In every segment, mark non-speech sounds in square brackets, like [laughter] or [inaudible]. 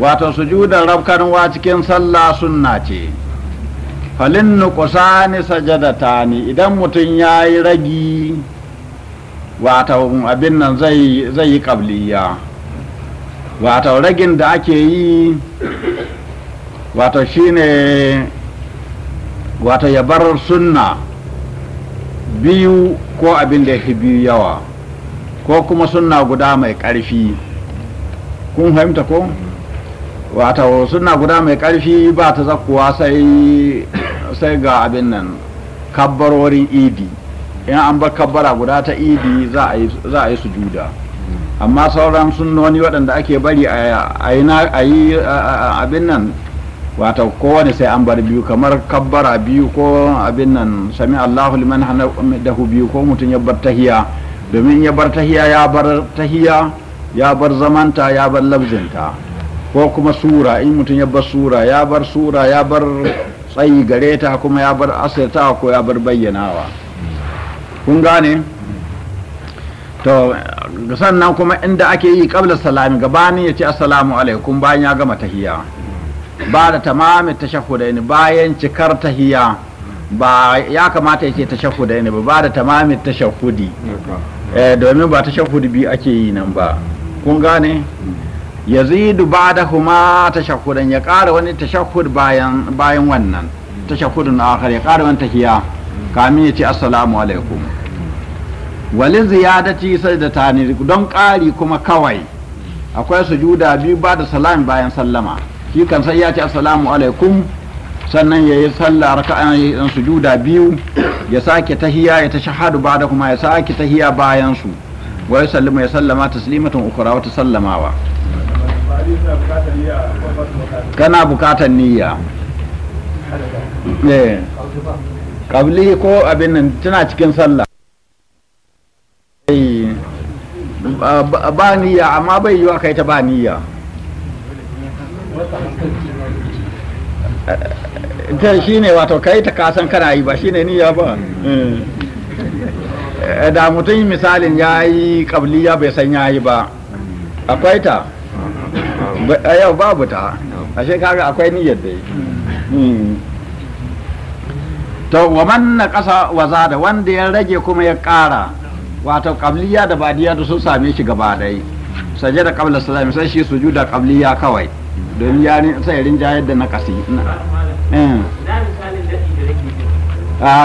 wato sujudar rabkarwa cikin sallah sunna ce falin nuqsani sajadatani idan mutum yayi ragi wato abin nan zai yi qabliya wato ragin da ake yi wato shine wato ya bar sunna biyu ko abin da ya biyu yawa ko kuma sunna guda mai ƙarfi kun fahimta ko? wata suna guda mai karfi ba ta zakuwa sai ga abin nan kabbarorin idi in an bar kabbara guda ta idi za a yi su juda amma sauran sunnoni waɗanda ake bari a yi abin nan wata kowane sai an bar biyu kamar kabbara biyu ko abin nan sami allahu liman dahu biyu ko mutum ya bar tahiya domin ya bar tahiya ya bar tahiya ya bar zamanta ya bar labzinta ko kuma sura in mutum ya bar sura ya bar sura ya bar tsayi gare ta kuma ya bar asirta ko ya bar bayyanawa kun gane to sannan kuma inda ake yi kabla salami gabani ya ce asalamu alaikum bayan ya gama tahiya ba da tamami ne bayan cikar tahiya ba ya kamata ya ce tashahudaini ba ba da tamami shahudi eh, domin ba shahudi biyu ake yi nan ba kun gane hmm. yazidu kuma tashahhudan ya ƙara wani tashahhud bayan wannan tashahhudun akhar ya kara wani tahiya kamin ya ce assalamu alaikum walin ziyadati tani don ƙari kuma kawai akwai sujuda biyu ba da salam bayan sallama shi kan sai ya ce assalamu alaikum sannan ya yi sallah raka'an sujuda biyu ya sake tahiya ya ba ba'da kuma ya sake tahiya bayan su wa ya sallama ya sallama taslimatan ukra wa kana bukatar niyya eh. kabli ko abin nan tana cikin sallah ba niyya amma bai yiwa kai ta ba niyya ta shi ne wato kai ta kasan kana yi ba shi ne niyya ba eh. Eh, da mutum misalin ya yi kabliya bai san ya yi ba akwai ta a yau babu ta a shekaru akwai niyyar da hmm. to wa manna kasa waza da wanda ya rage kuma ya kara wato kabliya da badiya da sun same shi gaba dai da qabla salami sai shi juda kabliya kawai don ya sai rinja yadda na kasi hmm.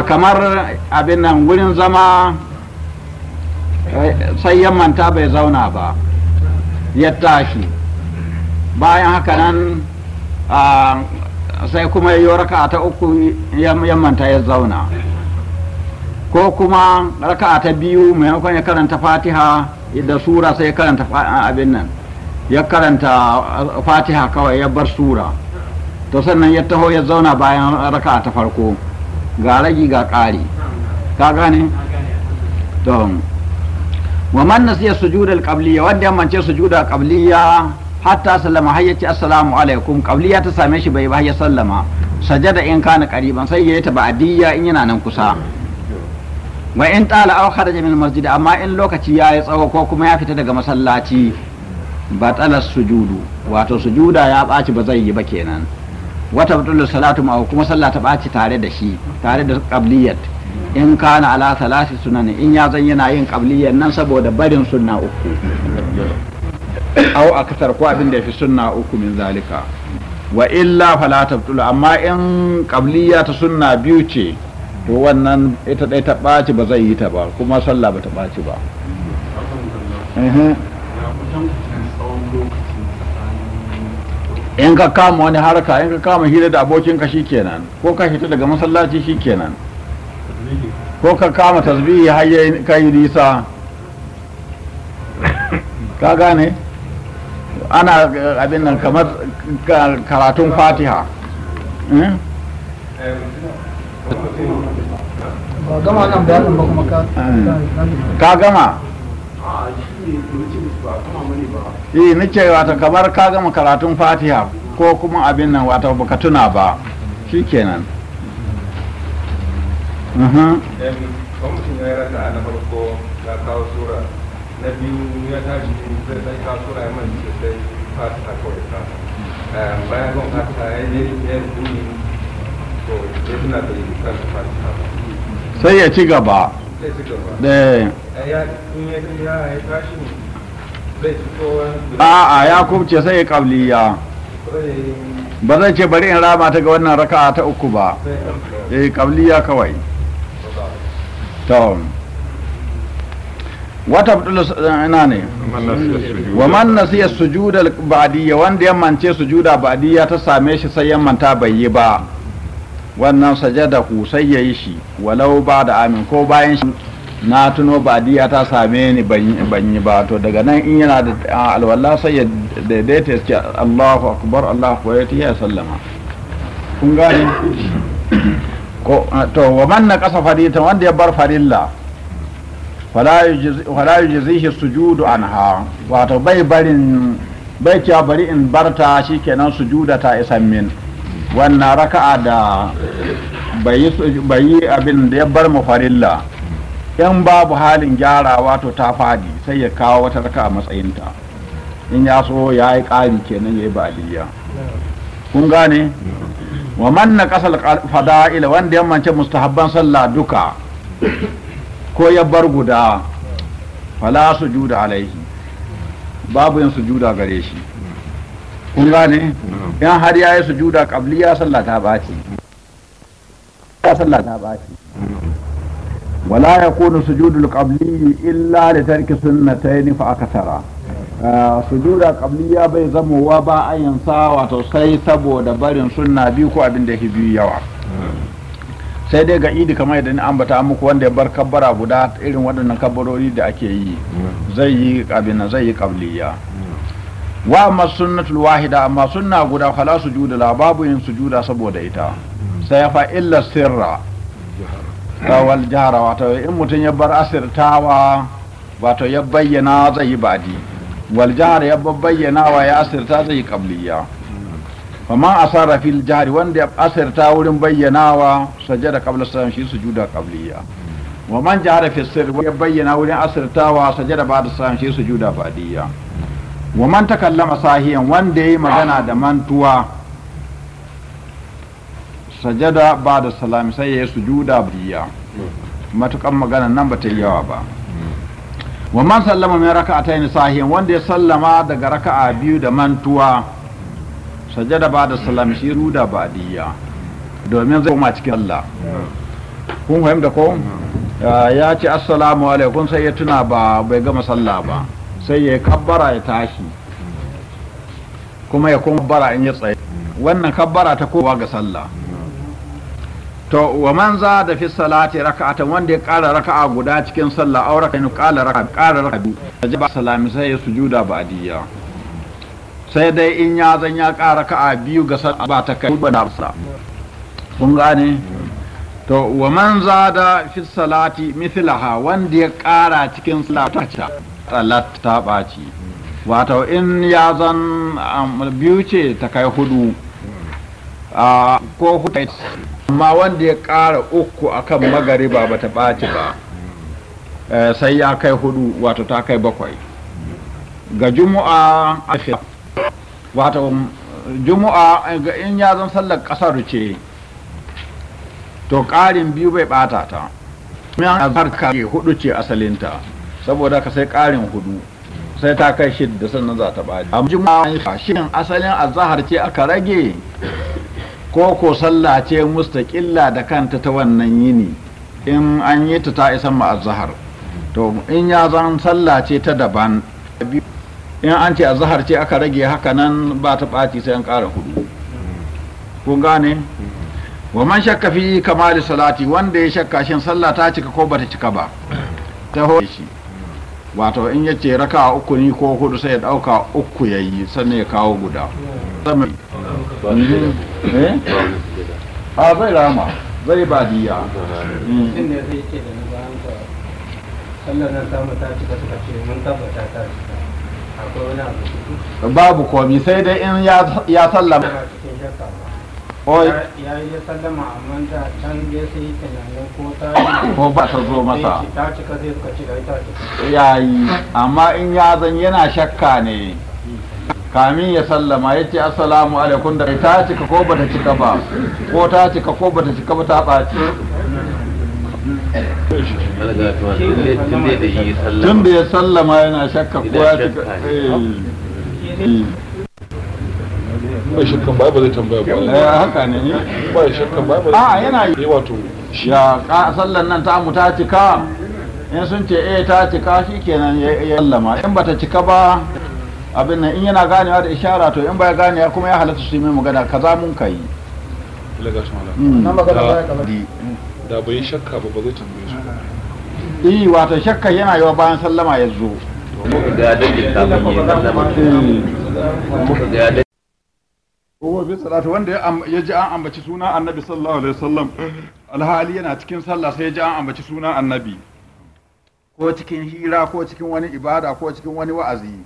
kamar abin nan wurin zama eh, sai yamman ta bai zauna ba ya tashi bayan haka nan sai kuma yi raka ta uku yammanta ya zauna ko kuma raka ta biyu maimakon ya karanta fatiha da sura sai ya karanta abin nan ya karanta fatiha kawai ya bar sura to sannan ya taho ya zauna bayan raka ta farko ga ragi ga ƙari ka gane to wa man nasiya sujudar qabliya wanda ya mance sujudal qabliya hatta sallama har yace assalamu alaikum qabliya ta same shi bai ba ya sallama sajada in kana qariban sai yayi ta ba'diyya in yana nan kusa wa in tala aw kharaja min masjid amma in lokaci ya yi tsawo ko kuma ya fita daga masallaci batala sujudu wato sujuda ya baci ba zai yi ba kenan wata batulu salatu ma kuma sallah ta baci tare da shi tare da qabliyat in kana ala salasi sunan in ya zan yana yin qabliyan nan saboda barin sunna uku Au a kasar ko abin da ya fi sunna uku min zalika wa illa fala tabtulu amma in qabliya ta sunna biyu ce to wannan ita dai ta ɓaci ba zai yi ta ba kuma sallah ba ta ɓaci ba in ka kama wani harka in ka kama hira da abokinka kenan, ko ka fita daga masallaci shi kenan, ko ka kama tasbihi har kai nisa ka gane ana eh, abin nan kamar karatun fatiha hmm? hmm. ka gama yi ni ce eh, wata kamar ka gama karatun fatiha ko kuma abin nan wata baka tuna ba shi kenan kamar mhm. mutum ya rasa a na farko ya kawo sura Um, na uh, biyu uh, uh, ah, ah, ya tashi zai ta ka sura ya man sai fata kawai ta bayan gan fata ya yi ya yi to ya suna da yi kan fata sai ya ci gaba sai ci gaba ya in ya ya ya tashi zai fito a'a ya kubce sai ya kabliya ba zai ce bari in rama ta ga wannan raka'a ta uku ba eh kabliya kawai to wata butulu ina ne wa man nasiya sujuda ba'diyya wanda ya mance sujuda ba'diyya ta same shi sai ya manta bai yi ba wannan sajada ku sai ya yi shi walau ba da amin ko bayan shi na tuno ba'diyya ta same ni ban yi ba to daga nan in yana da alwala sai ya daidaita ya ce Allahu akbar Allahu akbar ya sallama kun gane [coughs] ko to wa man na kasa farita wanda ya bar farilla wala yujzihi sujudu anha wato bai barin bai cewa bari in barta shikenan sujuda ta isan min wannan raka'a da bai yi abin da ya bar mu farilla in babu halin gyara wato ta fadi sai ya kawo wata raka'a matsayinta in ya so ya yi ƙari kenan ya yi ba'aliyya kun gane wa manna ƙasar fada'ila wanda ya mance mustahabban sallah duka ko ya bar guda fala juda alaihi babu yin juda gare shi kun gane yan har ya yi su juda qabliya ya ta baci ya sallah ta baci wala su judul qabli illa da tarki tara. Ah, su juda kabli ya bai zamowa ba a yansa wato sai saboda barin sunna biyu ko abin da yake biyu yawa sai dai ga idi kamar yadda ni ambata muku wanda ya bar kabbara guda irin waɗannan kabbarori da ake yi zai yi abin zai yi qabliya wa amma sunnatul wahida amma sunna guda kala sujuda la babu yin sujuda saboda ita sai fa illa sirra wal jahara wato in mutum ya bar asirtawa wato ya bayyana zai yi badi wal jahara ya bayyana wa ya asirta zai yi qabliya fama sara fil jahri wanda ya asirta wurin bayyanawa sajada kabla salam shi juda kabliya wa man jahara fi sirri ya bayyana wurin asirtawa sajada ba'da salam shi juda fadiya wa man takallama sahiyan wanda yayi magana da mantuwa sajada da salam sai su sujuda biya matukan magana nan ba ta yawa ba wa man sallama min raka'atayn sahiyan wanda ya sallama daga raka'a biyu da mantuwa sajada ba da salam shi ruda ba diya domin zai koma cikin Allah kun fahimta ko ya ce assalamu alaikum sai ya tuna ba bai gama sallah ba sai ya kabbara ya tashi kuma ya kuma bara in ya tsaye wannan kabbara ta kowa ga sallah to wa man za da fi salati raka'atan wanda ya ƙara raka'a guda cikin sallah auraka ne ƙara raka'a ƙara raka'a biyu ba salami sai ya sujuda ba diya sai dai in ya zan ya ƙara a biyu ga ba ta kai ba da sa kun gane to wa man zada fi salati mithlaha wanda ya ƙara cikin salata ta talat ta baci wato in ya zan biyu ce ta kai hudu ko hudu amma wanda ya ƙara uku akan magariba ba ta ɓaci ba eh, sai ya kai hudu wato ta kai bakwai ga juma'a a wato juma'a in ya zan sallar ƙasar ce to ƙarin biyu bai bata ta yan azhar ke hudu ce asalinta saboda ka sai ƙarin hudu sai ta kai shidda sannan za ta bari amma juma'a shin asalin azahar ce aka rage ko ko sallah ce mustaƙilla da kanta ta wannan yini in an yi ta ta isan ma azhar to in ya zan sallah ce ta daban in an ce zahar ce aka rage haka nan ba ta ɓaci sai an ƙara hudu kun gane wa man shakka fi kamali salati wanda ya shakka shin sallah ta cika ko bata cika ba ta ho shi wato in ya ce raka uku ni ko hudu sai ya dauka uku yayi sannan ya kawo guda eh? a zai rama zai badiya hmm. sallar na ta ta cika suka ce mun tabbata ta cika babu komi sai dai in ya sallama oi ya yi sallama amma da can dai sai tunanin ko ta ko ba ta zo masa ta cika zai ka cika ita cika yayi amma in ya zan yana shakka ne kamin ya sallama ya ce assalamu alaikum da ta cika ko ba ta cika ba ko ta cika ko ba ta cika ba ta ɓaci tun da ya sallama yana shakka ko ya eh, eh. ba shakkan ba ba zai tambaya ba ya eh, haka ne ba shakkan ba ba ah, a yana yi wato ya ka sallan nan ta mu ta cika in sun ce eh ta cika shikenan ya sallama in bata cika ba abin nan in yana ganewa da ishara to in ba ganewa kuma ya halatta su yi mai magana kaza mun kai. Ilaga shi malam. Hmm. da bai shakka ba ba zai tambaye su ba eh wato shakka yana wa bayan sallama ya zo muka Kowa bi salatu wanda ya ji an ambaci suna annabi sallallahu alaihi wasallam alhali yana cikin sallah sai ya ji an ambaci suna annabi ko cikin hira ko cikin wani ibada ko cikin wani wa'azi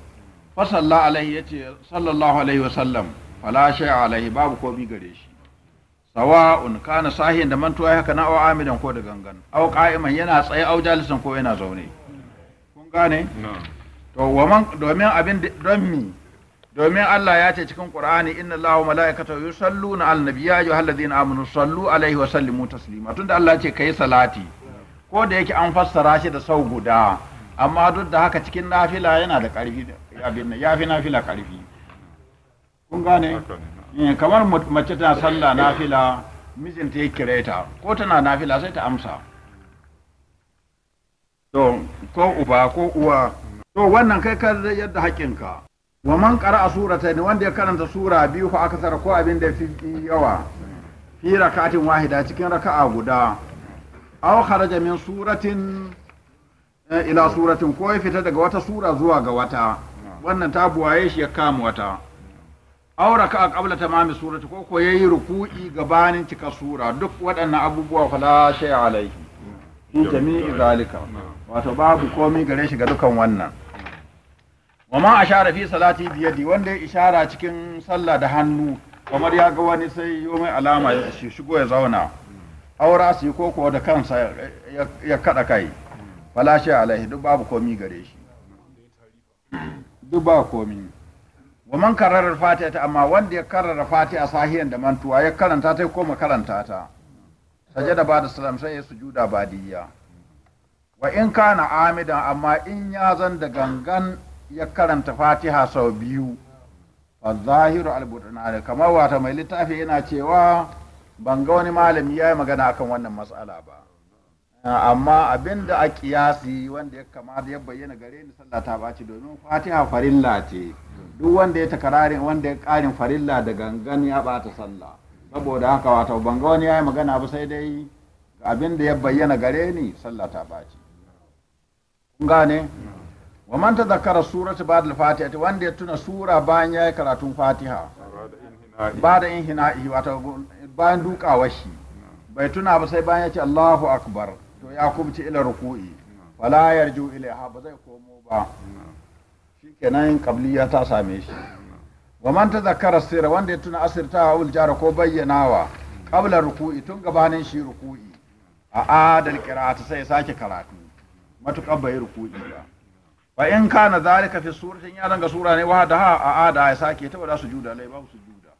fa sallallahu alaihi yace sallallahu alaihi wasallam fala shay'a alaihi babu ko bi gare shi Sawa un kana sahihin da mantuwa haka na au amidan ko da gangan au qa'iman yana tsaye au jalisan ko yana zaune kun gane to waman domin abin don mi domin Allah ya ce cikin Qur'ani inna Allaha wa mala'ikatahu yusalluna 'alan nabiyyi ya ayyuhalladhina amanu sallu alaihi wa sallimu taslima tunda Allah ce kai salati ko da yake an fassara shi da sau guda amma duk da haka cikin nafila yana da karfi abin ya fi nafila karfi kun gane Eh, kamar mace tana sallah nafila mijinta ya kire ta ko tana nafila sai ta amsa to ko uba ko uwa to wannan kai ka yadda haƙinka wa man ƙara qara'a suratayn wanda ya karanta sura biyu fa akasara ko abin da fi yawa fi rakatin wahida cikin raka'a guda aw kharaja min suratin eh, ila suratin ko ya fita daga wata sura zuwa ga wata wannan ta buwaye shi ya kama wata aura ka qabla mami surati ko ko yayi ruku'i gabanin cika sura duk waɗannan abubuwa fala shay alaihi in jami'i zalika wato babu komi gare shi ga dukan wannan wa ma ashara fi salati bi yadi wanda ya ishara cikin sallah da hannu kamar ya ga wani sai yo mai alama ya shigo ya zauna aura su ko ko da kansa ya kada kai fala shay alaihi duk babu komi gare shi duk ba komi wa man karara fatiha ta amma wanda ya karara fatiha sahiyan da mantuwa ya karanta ta ko ma karanta ta sajada ba da salam sai ya sujuda badiyya wa in kana amidan amma in ya zan da gangan ya karanta fatiha sau biyu fa zahiru al-budana kamar wata mai littafi yana cewa ban ga wani malami ya yi magana akan wannan matsala ba amma abin da a kiyasi wanda ya kamata ya bayyana gare ni sallah ta baci domin fatiha farilla ce duk wanda ya takararin wanda ya karin farilla da gangan ya bata sallah saboda haka wato banga wani wani yayi magana ba sai dai abin da ya bayyana gare ni sallah ta baci kun gane wa man tadhakkara suratu ba'd al-fatiha wanda ya tuna sura bayan yayi karatun fatiha ba'da inhina'i wato bayan dukawar shi bai tuna ba sai bayan ya ce Allahu akbar to ya kubci ila ruku'i fala yarju ilaiha ba zai komo ba shikenan qabliya ta same shi wa man tazakkara sirra wanda ya tuna asirta wa jara ko bayyanawa qabla ruku'i tun gabanin shi ruku'i a adal qira'ati sai sake karatu matuƙar bai ruku'i ba fa in kana zalika fi suratin ya danga sura ne wahada ha a ada ya sake ta wala sujuda lai su sujuda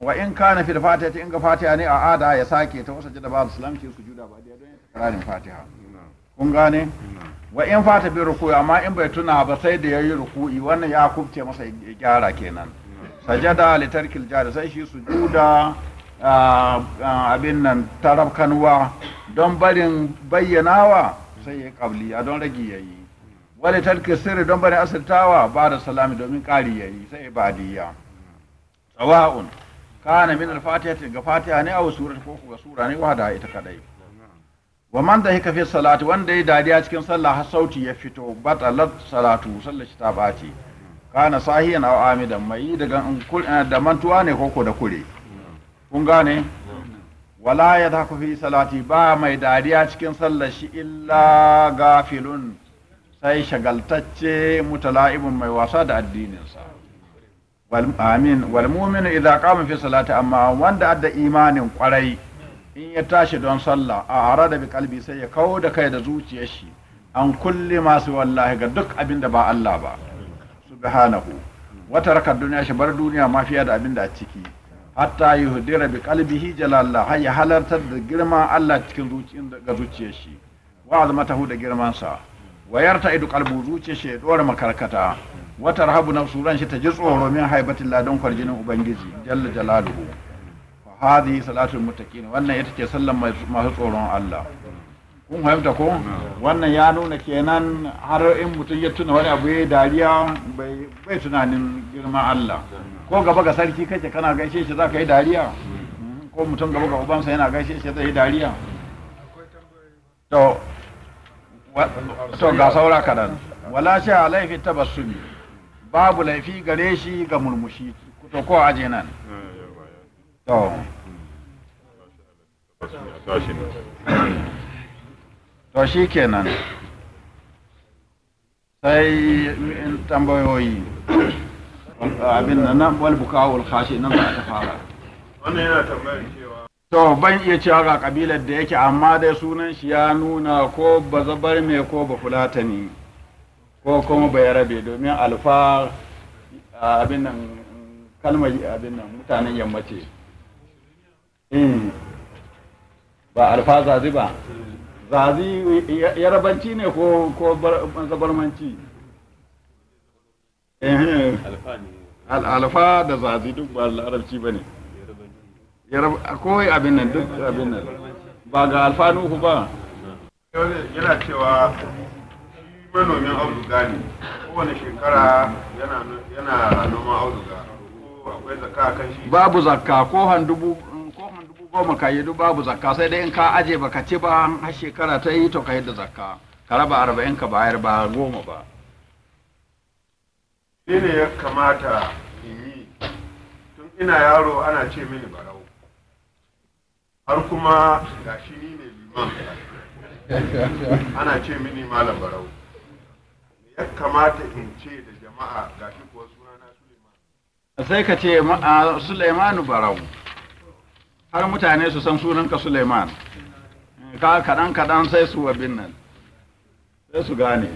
wa in kana fil fatihati in ga fatiha ne a ada ya sake ta wasa jada babu salamci sujuda ba da don ya takrarin fatiha kun gane wa in fata bi ruku'i amma in bai tuna ba sai da yayi ruku'i wannan ya kubce masa gyara kenan sajada li tarkil jari sai shi sujuda abin nan tarabkanwa don barin bayyanawa sai ya kabli a don rage yayi wali tarki sirri don barin asirtawa ba da salami domin kari yayi sai ya badiya tsawa'un kana min al-fatihati ga fatiha ne a sura ko ga sura ne wahada ita kadai wa man da hika fi salati wanda ya dariya cikin sallah har sauti ya fito batalat salatu sallar shi ta bace kana sahiyan aw amidan mai daga eh, da mantuwa ne koko da kure kun gane wala ya daku fi salati ba mai dariya cikin sallar shi illa gafilun sai shagaltacce mutala'ibun mai wasa da addininsa wal amin wal mu'minu idza qama fi salati amma wanda adda imanin kwarai in ya tashi don sallah a hara da kalbi sai ya kawo da kai da zuciyar shi an kulle masu wallahi ga duk abin da ba Allah ba subhanahu wata rakar duniya shi bar duniya mafiya da abin da a ciki hatta yuhdira bi qalbihi jalalla ya halartar da girman Allah cikin zuciyar ga zuciyar shi wa azmatahu da girman sa wayarta idu qalbu zuciyar shi ya dora makarkata wata rahabu ran shi ta ji tsoro min haibatillah don kwarjinin ubangiji jalla jalaluhu Hadi salatul muttaqin wannan ita ce sallan masu tsoron Allah kun fahimta ko wannan ya nuna kenan har in mutum ya tuna wani abu ya dariya bai tunanin girman Allah ko gaba ga sarki kake kana gaishe shi zaka yi dariya ko mutum gaba ga ubansa yana gaishe shi zai yi dariya to ga saura kadan wala sha alaihi tabassumi babu laifi gare shi ga murmushi to ko aje nan to shi kenan sai tambayoyi abin da nan wani bukawul khashi nan ba ta fara wannan yana tambayar cewa to ban iya cewa ga kabilar da yake amma dai sunan shi ya nuna ko ba zabar me ko ba ni ko kuma ba rabe domin alfa abin nan kalmar abin nan mutanen yammace Hmm. ba alfa zazi ba zazi yarabanci ne ko ko zabarmanci eh. alfa da zazi duk ba larabci ba ne kowai abin nan duk abin nan ba ga alfa nuhu ba yana cewa manomin auduga ne kowane shekara yana noman auduga babu zakka ko han dubu goma ka yi babu zakka sai dai in ka aje ba ka ci ba har shekara ta yi to ka yi da zakka ka raba arba'in ka bayar ba goma ba ni ne ya kamata yi tun ina yaro ana ce mini barau har kuma ga shi ni ne liman ana ce mini malam barau ya kamata in ce da jama'a ga shi kuwa sunana suleiman sai ka ce suleimanu barau har mutane su san sunanka Suleiman ka kaɗan kaɗan sai su wabin nan sai su gane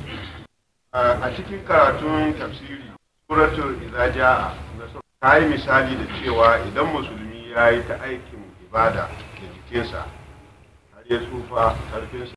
a cikin karatun tafsiri suratul izaja'a ta yi misali da cewa idan musulmi ya yi ta aikin ibada da jikinsa har ya tsufa ƙarfinsa.